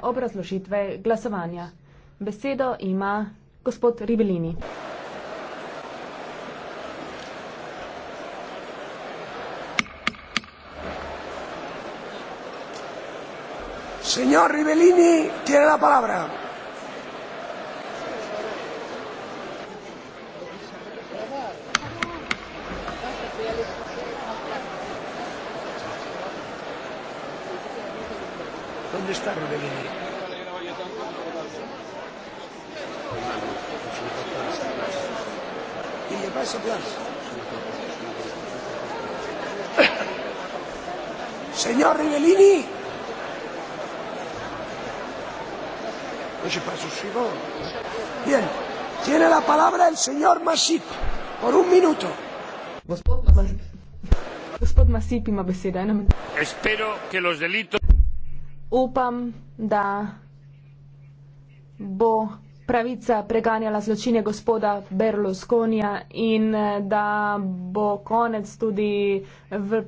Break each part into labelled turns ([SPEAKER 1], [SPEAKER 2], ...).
[SPEAKER 1] obrazložitve glasovanja. Besedo ima gospod Rivelini.
[SPEAKER 2] Señor
[SPEAKER 3] Rivelini tiene la palabra. dónde está Rodelini. ¿Y le va ese plan? Señor Rivellini. No se pasa su Bien, tiene la palabra
[SPEAKER 1] el señor Masip por un minuto. Gospod Masip, Gospod Masip ima beseda,
[SPEAKER 3] Espero que los delitos
[SPEAKER 1] upam, da bo pravica preganjala zločine gospoda Berlusconija in eh, da bo konec tudi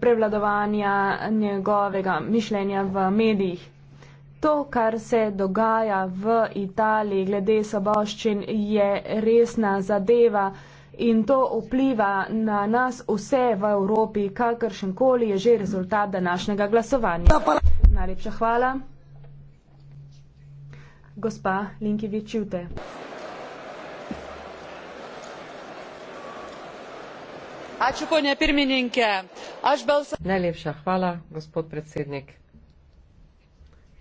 [SPEAKER 1] prevladovanja njegovega mišljenja v medijih. To, kar se dogaja v Italiji glede soboščin, je resna zadeva in to vpliva na nas vse v Evropi, kakršen koli je že rezultat današnjega glasovanja. Najlepša hvala. Gospa Linkovič Jute.
[SPEAKER 4] Ačiū, ponia pirmininke. Aš balsa... Najlepša hvala, gospod predsednik.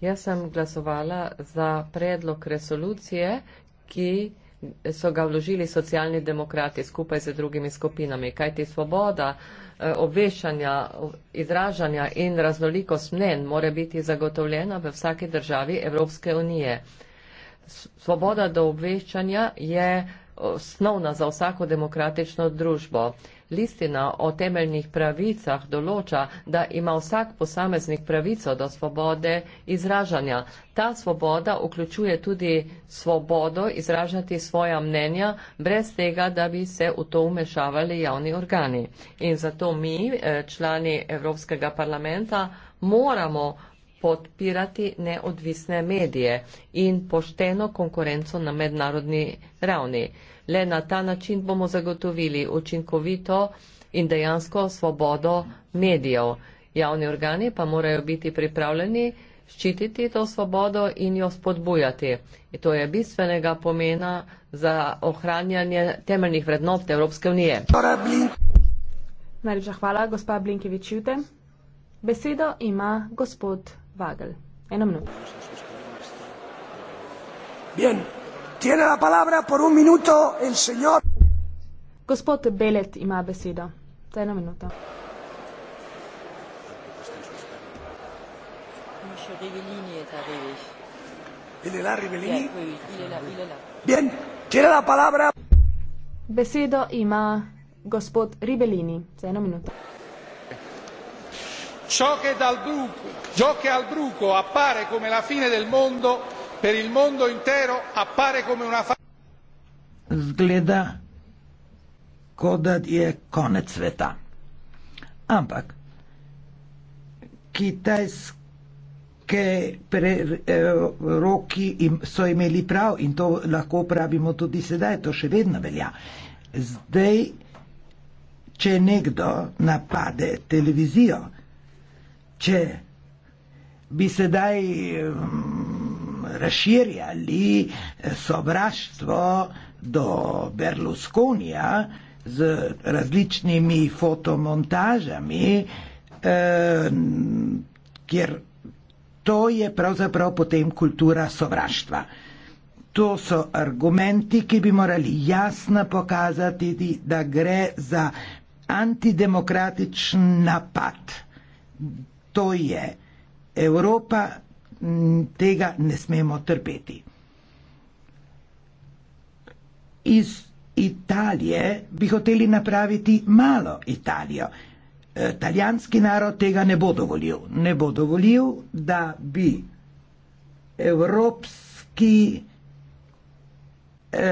[SPEAKER 4] Jaz sem glasovala za predlog resolucije, ki so ga vložili socialni demokrati skupaj z drugimi skupinami, kajti svoboda eh, obveščanja, izražanja in raznolikost mnen mora biti zagotovljena v vsaki državi Evropske unije. Svoboda do obveščanja je osnovna za vsako demokratično družbo listina o temeljnih pravicah določa, da ima vsak posameznik pravico do svobode izražanja. Ta svoboda vključuje tudi svobodo izražati svoja mnenja, brez tega, da bi se v to umešavali javni organi. In zato mi, eh, člani Evropskega parlamenta, moramo podpirati neodvisne medije in pošteno konkurenco na mednarodni ravni. Le na ta način bomo zagotovili učinkovito in dejansko svobodo medijev. Javni organi pa morajo biti pripravljeni ščititi to svobodo in jo spodbujati. In to je bistvenega pomena za ohranjanje temeljnih vrednot Evropske unije.
[SPEAKER 1] Najlepša hvala, gospa Blinkevičjute. Besedo ima gospod Vagel. Eno minuto. Gospod Belet ima besedo. Za eno minuto. Besedo ima gospod Ribelini. Za eno minuto.
[SPEAKER 3] Ciò che, dal bruco, ciò che al bruco appare come la fine del mondo per il mondo intero appare come una fa... Zgleda, kodat je konec sveta. Ampak, kitajske eh, roki so imeli prav in to lahko pravimo tudi sedaj, to še vedno velja. Zdaj, če nekdo napade televizijo, če bi sedaj um, razširjali eh, sobraštvo do Berlusconija z različnimi fotomontažami, eh, ker to je pravzaprav potem kultura sovraštva. To so argumenti, ki bi morali jasno pokazati, da gre za antidemokratičen napad. To je Evropa Mm, tega ne smemo trpeti. Iz Italije bi hoteli napraviti malo Italijo. E, italijanski narod tega ne bo dovolil. Ne bo dovolil, da bi evropski eh,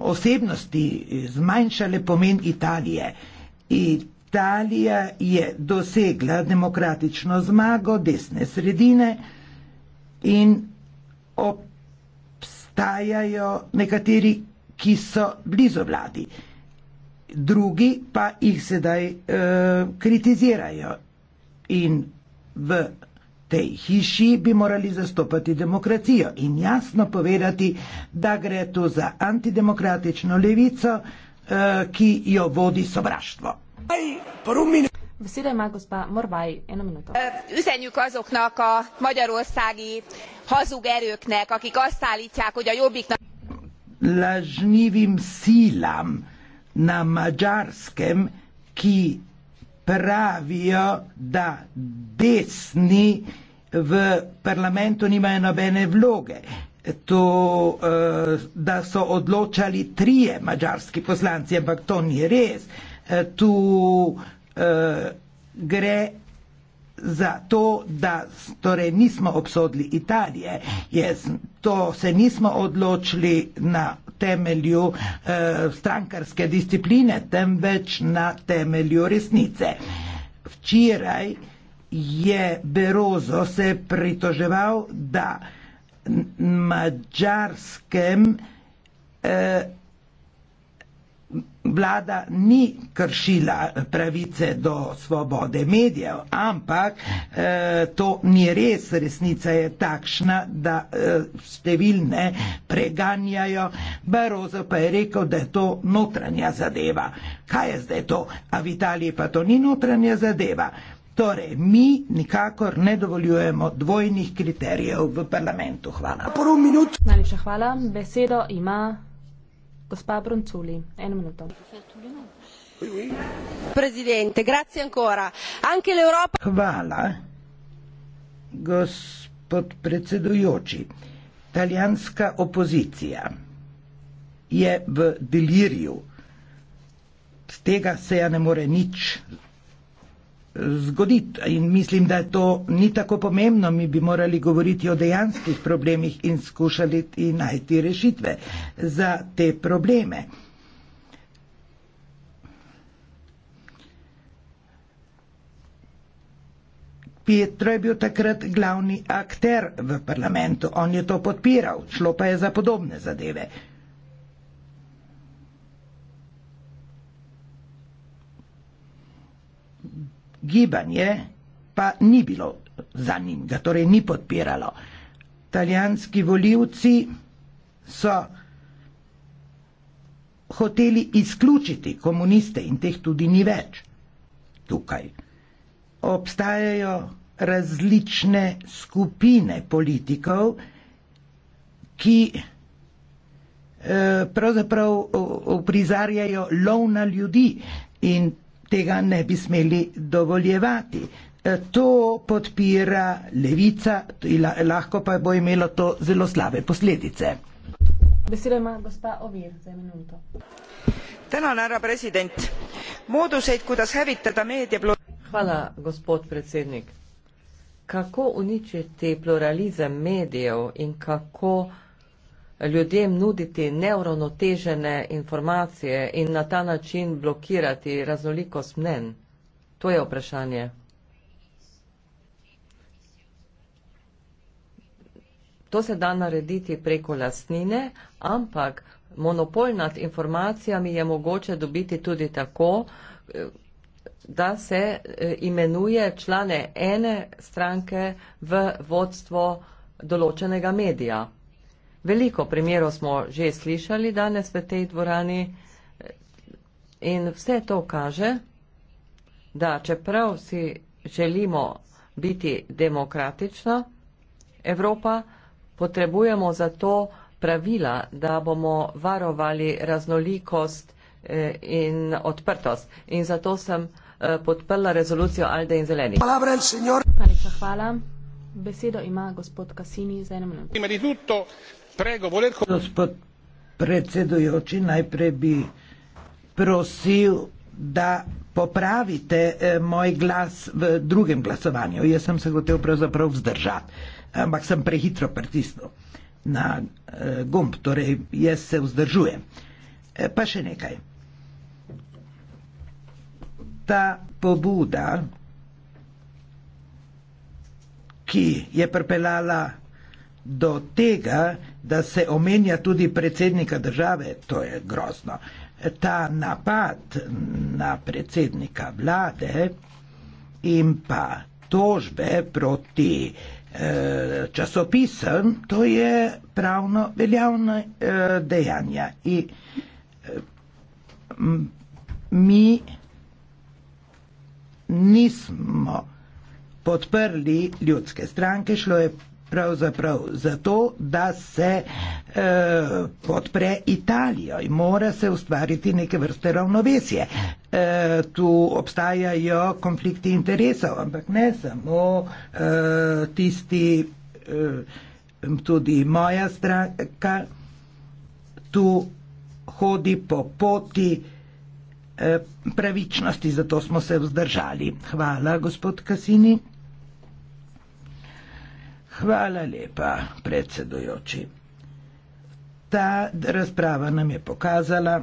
[SPEAKER 3] osebnosti zmanjšale pomen Italije. In Italija je dosegla demokratično zmago desne sredine in obstajajo nekateri, ki so blizu vladi, drugi pa jih sedaj e, kritizirajo in v tej hiši bi morali zastopati demokracijo in jasno povedati, da gre to za antidemokratično levico, e, ki jo vodi sovraštvo.
[SPEAKER 1] Beszéde már gospa Morvai, én a minuto. Üzenjük azoknak a magyarországi hazug erőknek, akik azt állítják, hogy a jobbiknak...
[SPEAKER 3] Lajnivim szílam na magyarskem, ki pravia da desni v parlamentu nima eno bene vloge. To, da so odločali trije mađarski poslanci, ampak to ni res. Eh, tu eh, gre za to, da torej, nismo obsodili Italije, Jaz, to se nismo odločili na temelju eh, strankarske discipline, temveč na temelju resnice. Včeraj je Berozo se pritoževal, da mađarskem eh, vlada ni kršila pravice do svobode medijev, ampak eh, to ni res. Resnica je takšna, da eh, številne preganjajo. Barozo pa je rekel, da je to notranja zadeva. Kaj je zdaj to? A v Italiji pa to ni notranja zadeva. Torej, mi nikakor ne dovoljujemo dvojnih kriterijev v parlamentu. Hvala.
[SPEAKER 1] Najlepša hvala. Besedo ima. Gospa Bronzulli, eno minuto. Presidente, grazie ancora.
[SPEAKER 4] Anche l'Europa.
[SPEAKER 3] Hvala, gospod predsedujoči. Italijanska opozicija je v deliriju. Z tega se ja ne more nič zgoditi. In mislim, da to ni tako pomembno, mi bi morali govoriti o dejanskih problemih in skušali in najti rešitve za te probleme. Pietro je bil takrat glavni akter v parlamentu, on je to podpiral, šlo pa je za podobne zadeve. gibanje pa ni bilo za njim, ga torej ni podpiralo. Italijanski voljivci so hoteli izključiti komuniste in teh tudi ni več tukaj. Obstajajo različne skupine politikov, ki eh, pravzaprav uprizarjajo lov na ljudi in tega ne bi smeli dovoljevati. E, to podpira levica, lahko pa bo imelo to zelo slabe posledice.
[SPEAKER 1] Besedo ima gospa Ovir za minuto.
[SPEAKER 4] Tänan, härra president. Mooduseid, kuidas hävitada meedia plu-... Hvala, gospod predsednik. Kako uničiti pluralizem medijev in kako ljudem nuditi neuravnotežene informacije in na ta način blokirati raznolikost mnen? To je vprašanje. To se da narediti preko lastnine, ampak monopol nad informacijami je mogoče dobiti tudi tako, da se e, imenuje člane ene stranke v vodstvo določenega medija. Veliko primerov smo že slišali danes v tej dvorani eh, in vse to kaže, da čeprav si želimo biti demokratična Evropa, potrebujemo za to pravila, da bomo varovali raznolikost eh, in odprtost. In zato sem eh, podprla rezolucijo Alde in Zeleni.
[SPEAKER 1] Hvala, besedo ima gospod Kasini za eno
[SPEAKER 3] minuto pregovore. Gospod predsedujoči, najprej bi prosil, da popravite eh, moj glas v drugem glasovanju. Jaz sem se hotel pravzaprav vzdržati, ampak sem prehitro pritisnil na eh, gumb, torej jaz se vzdržujem. Eh, pa še nekaj. Ta pobuda, ki je prepeljala do tega, da se omenja tudi predsednika države, to je grozno. Ta napad na predsednika vlade in pa tožbe proti eh, časopisem, to je pravno veljavno eh, dejanje. In eh, mi nismo podprli ljudske stranke, šlo je pravzaprav zato, da se e, podpre Italijo in mora se ustvariti neke vrste ravnovesje. E, tu obstajajo konflikti interesov, ampak ne samo e, tisti, e, tudi moja stranka tu hodi po poti e, pravičnosti, zato smo se vzdržali. Hvala, gospod Kasini. Hvala lepa, predsedujoči. Ta razprava nam je pokazala,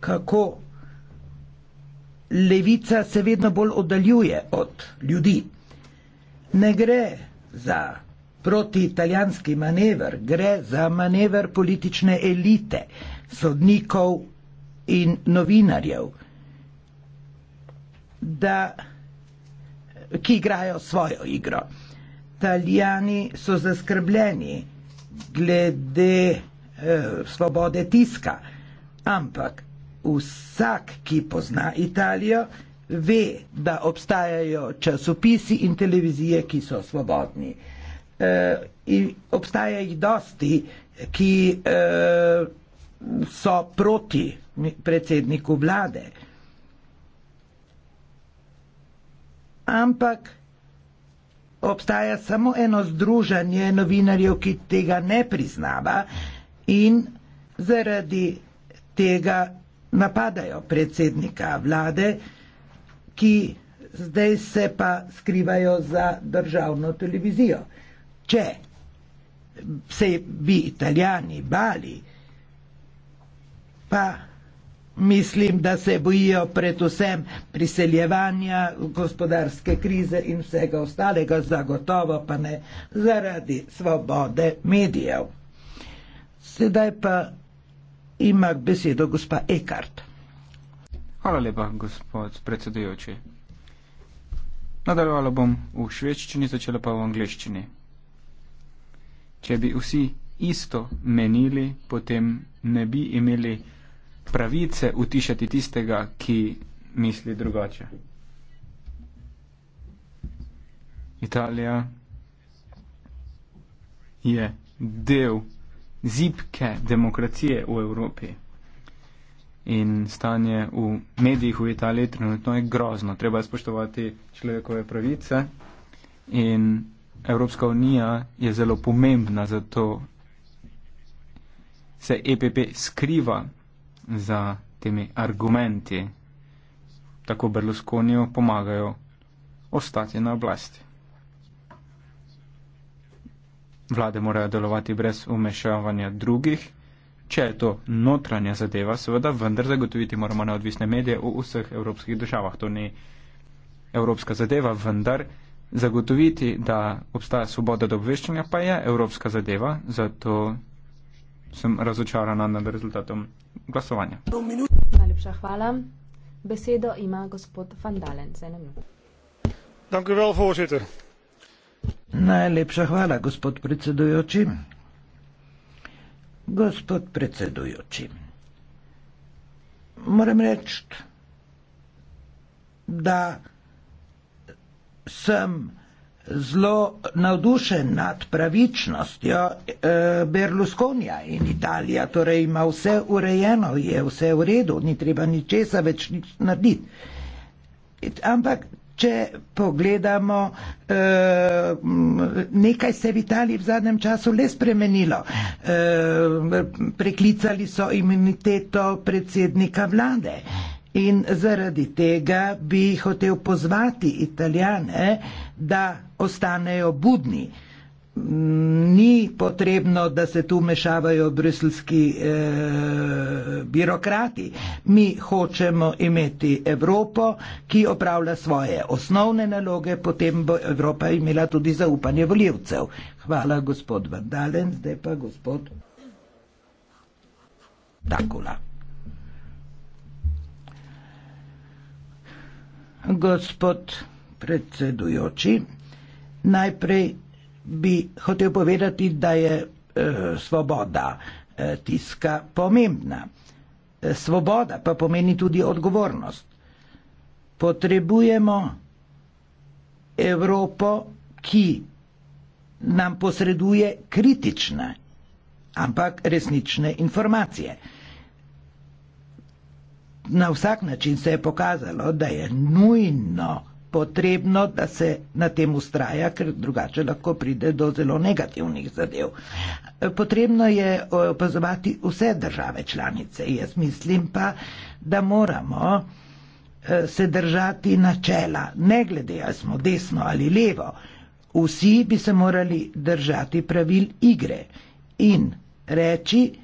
[SPEAKER 3] kako levica se vedno bolj oddaljuje od ljudi. Ne gre za protitalijanski manever, gre za manever politične elite, sodnikov in novinarjev. Da ki igrajo svojo igro. Italijani so zaskrbljeni glede eh, svobode tiska, ampak vsak, ki pozna Italijo, ve, da obstajajo časopisi in televizije, ki so svobodni. Eh, obstaja jih dosti, ki eh, so proti predsedniku vlade. Eh, ampak obstaja samo eno združanje novinarjev, ki tega ne priznava in zaradi tega napadajo predsednika vlade, ki zdaj se pa skrivajo za državno televizijo. Če se bi italijani bali, pa mislim, da se bojijo predvsem priseljevanja, gospodarske krize in vsega ostalega, zagotovo pa ne zaradi svobode medijev. Sedaj pa ima besedo gospa Ekart.
[SPEAKER 2] Hvala lepa, gospod predsedujoči. Nadaljevala bom v švečščini, začela pa v angliščini. Če bi vsi isto menili, potem ne bi imeli pravice utišati tistega, ki misli drugače. Italija je del zipke demokracije v Evropi in stanje v medijih v Italiji trenutno je grozno. Treba je spoštovati človekove pravice in Evropska unija je zelo pomembna, zato se EPP skriva za temi argumenti tako Berlusconijo pomagajo ostati na oblasti. Vlade morajo delovati brez umešavanja drugih, če je to notranja zadeva, seveda vendar zagotoviti moramo neodvisne medije v vseh evropskih državah. To ni evropska zadeva, vendar zagotoviti, da obstaja svoboda do obveščanja, pa je evropska zadeva, zato sem razočarana nad rezultatom glasovanja.
[SPEAKER 1] Najlepša hvala. Besedo ima gospod Van Dalen.
[SPEAKER 2] Dank u wel, voorzitter.
[SPEAKER 3] Najlepša hvala, gospod predsedujoči. Gospod predsedujoči, moram reči, da sem zelo navdušen nad pravičnostjo eh, Berlusconija in Italija, torej ima vse urejeno, je vse v redu, ni treba ničesa več nič narediti. Ampak, če pogledamo, eh, nekaj se je v Italiji v zadnjem času le spremenilo. Eh, preklicali so imuniteto predsednika vlade. In zaradi tega bi hotel pozvati Italijane, da ostanejo budni. Mm, ni potrebno, da se tu mešavajo briselski eh, birokrati. Mi hočemo imeti Evropo, ki opravlja svoje osnovne naloge, potem bo Evropa imela tudi zaupanje voljivcev. Hvala, gospod Vandalen, zdaj pa gospod Dakula. Gospod predsedujoči, najprej bi hotel povedati, da je eh, svoboda eh, tiska pomembna. Eh, svoboda pa pomeni tudi odgovornost. Potrebujemo Evropo, ki nam posreduje kritične, ampak resnične informacije na vsak način se je pokazalo, da je nujno potrebno, da se na tem ustraja, ker drugače lahko pride do zelo negativnih zadev. Potrebno je eh, opazovati vse države članice. Jaz mislim pa, da moramo eh, se držati načela, ne glede, ali smo desno ali levo. Vsi bi se morali držati pravil igre in reči,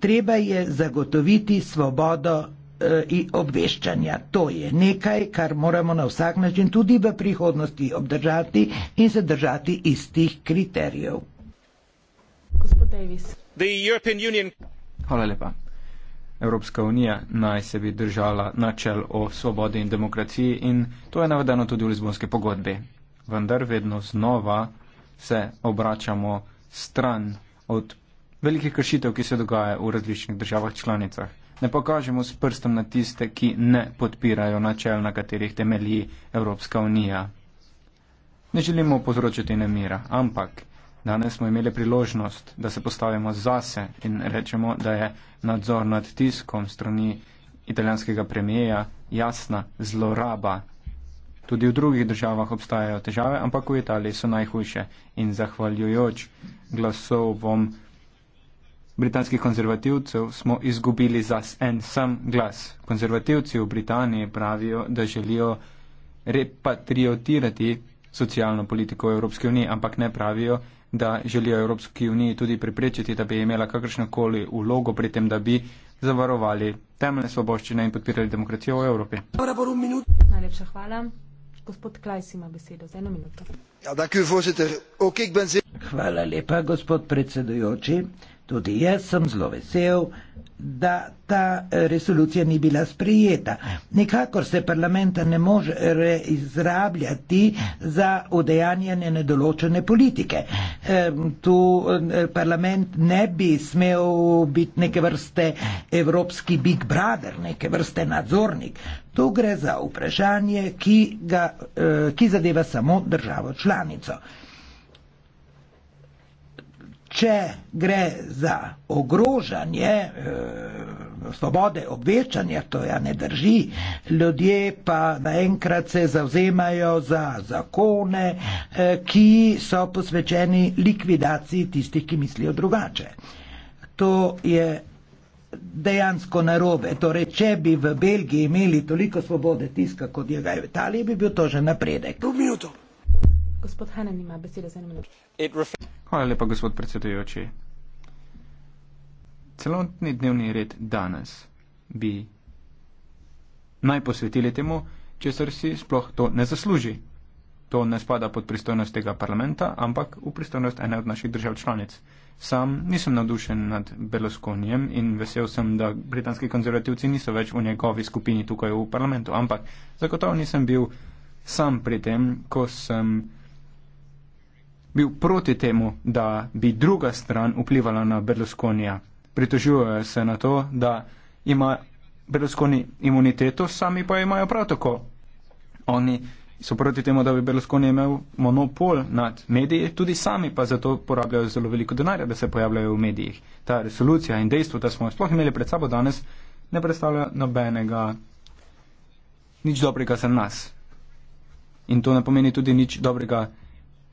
[SPEAKER 3] treba je zagotoviti svobodo e, obveščanja. To je nekaj, kar moramo na vsak način tudi v prihodnosti
[SPEAKER 2] obdržati in
[SPEAKER 3] se držati istih kriterijev.
[SPEAKER 2] Gospod Davis. Union... Hvala lepa. Evropska unija naj se bi držala načel o svobodi in demokraciji in to je navedeno tudi v Lizbonske pogodbe. Vendar vedno znova se obračamo stran od velikih kršitev, ki se dogaja v različnih državah članicah. Ne pokažemo s prstom na tiste, ki ne podpirajo načel, na katerih temelji Evropska unija. Ne želimo povzročiti nemira, ampak danes smo imeli priložnost, da se postavimo zase in rečemo, da je nadzor nad tiskom strani italijanskega premijeja jasna zloraba. Tudi v drugih državah obstajajo težave, ampak v Italiji so najhujše in zahvaljujoč glasovom britanskih konzervativcev smo izgubili za en sam glas. Konzervativci v Britaniji pravijo, da želijo repatriotirati socialno politiko v Evropski uniji, ampak ne pravijo, da želijo Evropski uniji tudi preprečiti, da bi imela kakršnokoli vlogo pri tem, da bi zavarovali temeljne svoboščine in podpirali demokracijo v Evropi.
[SPEAKER 1] Najlepša hvala. Gospod Klajs ima besedo za eno minuto.
[SPEAKER 3] Ja, Hvala lepa, gospod predsedujoči. Tudi jaz sem zelo vesel, da ta eh, resolucija ni bila sprijeta. Nikakor se parlamenta ne more izrabljati za udejanjanje nedoločene politike. Tu eh, parlament ne bi smel biti neke vrste evropski big brother, neke vrste nadzornik. Tu gre za vprašanje, ki, ga, eh, ki zadeva samo državo članico članico. Če gre za ogrožanje e, svobode obveščanja, to ja ne drži, ljudje pa naenkrat se zauzemajo za zakone, e, ki so posvečeni likvidaciji tistih, ki mislijo drugače. To je dejansko narobe. Torej, če bi v Belgiji imeli toliko svobode tiska, kot je v Italiji, bi bil to že napredek. Minuto.
[SPEAKER 1] Gospod Hanen ima besedo za eno minuto.
[SPEAKER 2] Hvala lepa, gospod predsedujoči. Celotni dnevni red danes bi naj posvetili temu, če se si sploh to ne zasluži. To ne spada pod pristojnost tega parlamenta, ampak v pristojnost ene od naših držav članic. Sam nisem navdušen nad Beloskonjem in vesel sem, da britanski konzervativci niso več v njegovi skupini tukaj v parlamentu, ampak zagotovo nisem bil sam pri tem, ko sem bil proti temu, da bi druga stran vplivala na Berlusconija. Pritožujejo se na to, da ima Berlusconi imuniteto, sami pa imajo prav tako. Oni so proti temu, da bi Berlusconi imel monopol nad mediji, tudi sami pa zato porabljajo zelo veliko denarja, da se pojavljajo v medijih. Ta resolucija in dejstvo, da smo jo sploh imeli pred sabo danes, ne predstavlja nobenega nič dobrega za nas. In to ne pomeni tudi nič dobrega za nas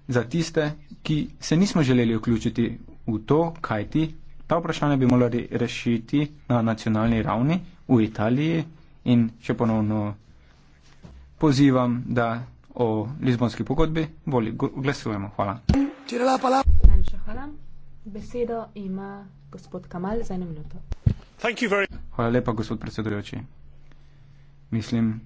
[SPEAKER 2] za tiste, ki se nismo želeli vključiti v to, kaj ti ta vprašanja bi morali rešiti na nacionalni ravni v Italiji in še ponovno pozivam, da o Lizbonski pogodbi bolje glasujemo. Hvala.
[SPEAKER 1] Najlepša hvala. Besedo ima gospod Kamal za eno minuto.
[SPEAKER 2] Hvala lepa, gospod predsedujoči. Mislim,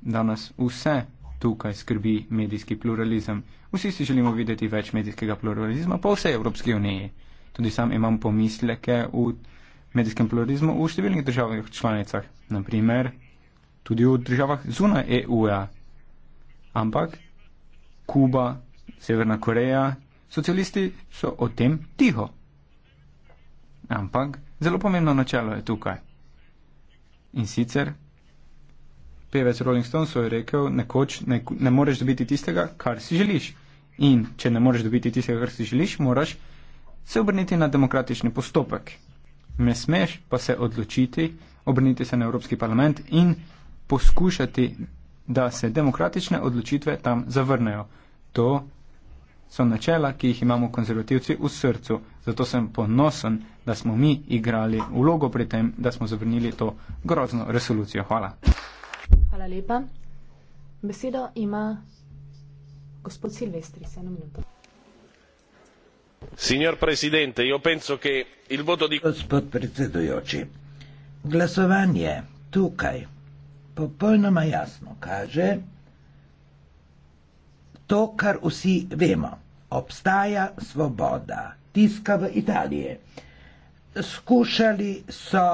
[SPEAKER 2] da nas vse tukaj skrbi medijski pluralizem. Vsi si želimo videti več medijskega pluralizma po vsej Evropski uniji. Tudi sam imam pomisleke v medijskem pluralizmu v številnih državah članicah, naprimer tudi v državah zunaj EU-ja. Ampak Kuba, Severna Koreja, socialisti so o tem tiho. Ampak zelo pomembno načelo je tukaj. In sicer pevec Rolling Stonesov je rekel, nekoč ne, ne moreš dobiti tistega, kar si želiš. In če ne moreš dobiti tistega, kar si želiš, moraš se obrniti na demokratični postopek. Ne smeš pa se odločiti, obrniti se na Evropski parlament in poskušati, da se demokratične odločitve tam zavrnejo. To so načela, ki jih imamo konzervativci v srcu. Zato sem ponosen, da smo mi igrali vlogo pri tem, da smo zavrnili to grozno resolucijo. Hvala.
[SPEAKER 1] Hvala lepa. Besedo ima gospod Silvestri, eno minuto.
[SPEAKER 4] Signor Presidente, io penso
[SPEAKER 3] che il voto di... Gospod predsedujoči, glasovanje tukaj popolnoma jasno kaže to, kar vsi vemo. Obstaja svoboda tiska v Italiji. Skušali so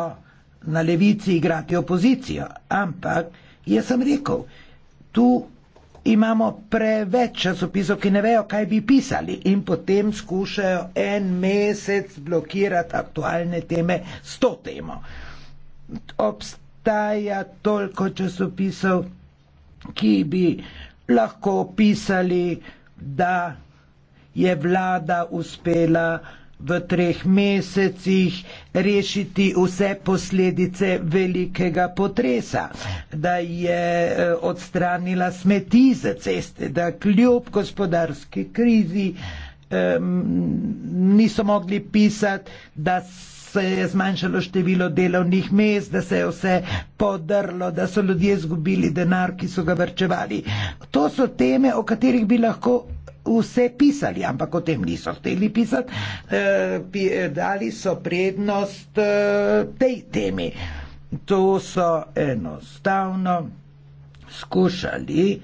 [SPEAKER 3] na levici igrati opozicijo, ampak jaz sem rekel, tu imamo preveč časopisov, ki ne vejo, kaj bi pisali in potem skušajo en mesec blokirati aktualne teme s to temo. Obstaja toliko časopisov, ki bi lahko pisali, da je vlada uspela v treh mesecih rešiti vse posledice velikega potresa, da je e, odstranila smeti za ceste, da kljub gospodarski krizi um, niso mogli pisati, da se je zmanjšalo število delovnih mest, da se je vse podrlo, da so ljudje izgubili denar, ki so ga vrčevali. To so teme, o katerih bi lahko vse pisali, ampak o tem niso hteli pisati. E, dali so prednost e, tej temi. To so enostavno skušali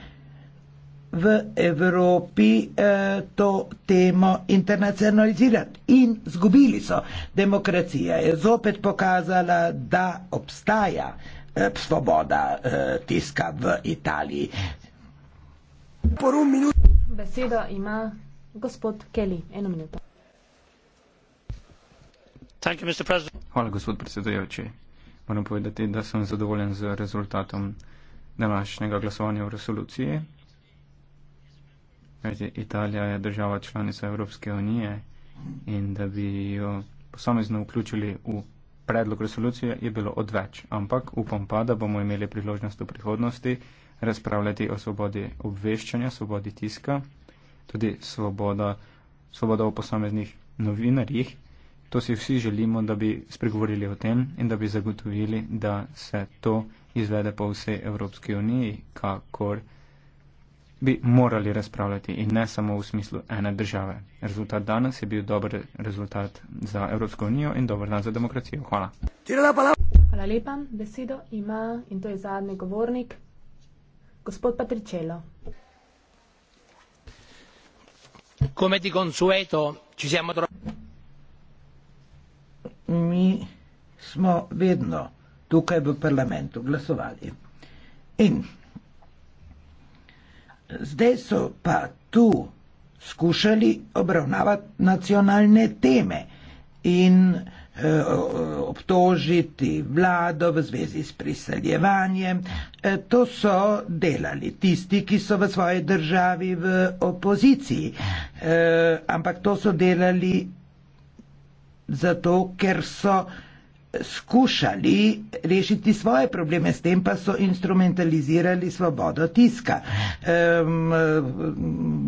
[SPEAKER 3] v Evropi eh, to temo internacionalizirati in zgubili so. Demokracija je zopet pokazala, da obstaja eh, svoboda eh, tiska v Italiji.
[SPEAKER 2] Poru minuto.
[SPEAKER 1] Besedo ima gospod Kelly. Eno minuto.
[SPEAKER 2] Hvala, gospod predsedujoči. Moram povedati, da sem zadovoljen z rezultatom današnjega glasovanja v resoluciji. Italija je država članica Evropske unije in da bi jo posamezno vključili v predlog resolucije je bilo odveč, ampak upam pa, da bomo imeli priložnost v prihodnosti razpravljati o svobodi obveščanja, svobodi tiska, tudi svoboda, svoboda o posameznih novinarjih. To si vsi želimo, da bi spregovorili o tem in da bi zagotovili, da se to izvede po vsej Evropski uniji, kakor bi morali razpravljati in ne samo v smislu ene države. Rezultat danes je bil dober rezultat za Evropsko unijo in dober dan za demokracijo. Hvala.
[SPEAKER 1] Hvala lepa. Besedo ima in to je zadnji govornik, Gospod Patriciello.
[SPEAKER 3] Come di consueto ci siamo trovati. Mi smo vedno tukaj v parlamentu glasovali. In zdaj so pa tu skušali obravnavati nacionalne teme. In Eh, obtožiti vlado v zvezi s priseljevanjem. Eh, to so delali tisti, ki so v svoji državi v opoziciji, eh, ampak to so delali zato, ker so skušali rešiti svoje probleme, s tem pa so instrumentalizirali svobodo tiska.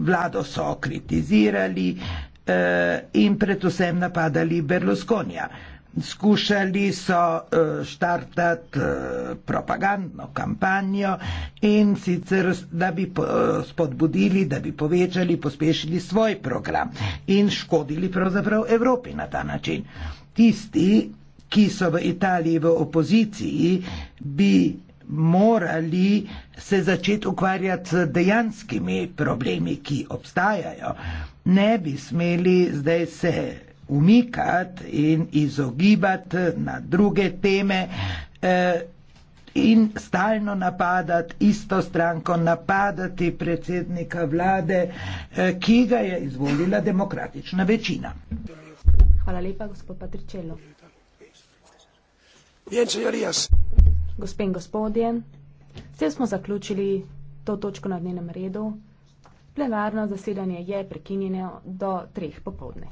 [SPEAKER 3] Vlado so kritizirali, Eh, in predvsem napadali Berlusconija. Skušali so eh, štartati eh, propagandno kampanjo in sicer, da bi spodbudili, da bi povečali, pospešili svoj program in škodili pravzaprav Evropi na ta način. Tisti, ki so v Italiji v opoziciji, bi morali se začeti ukvarjati z dejanskimi problemi, ki obstajajo. Ne bi smeli zdaj se umikati in izogibati na druge teme eh, in stalno napadati isto stranko, napadati predsednika vlade, eh, ki ga je izvolila demokratična večina.
[SPEAKER 1] Hvala lepa, gospod Patričelo. Bien, señorías gospe in gospodje, s tem smo zaključili to točko na dnevnem redu. Plenarno zasedanje je prekinjeno do treh popovdne.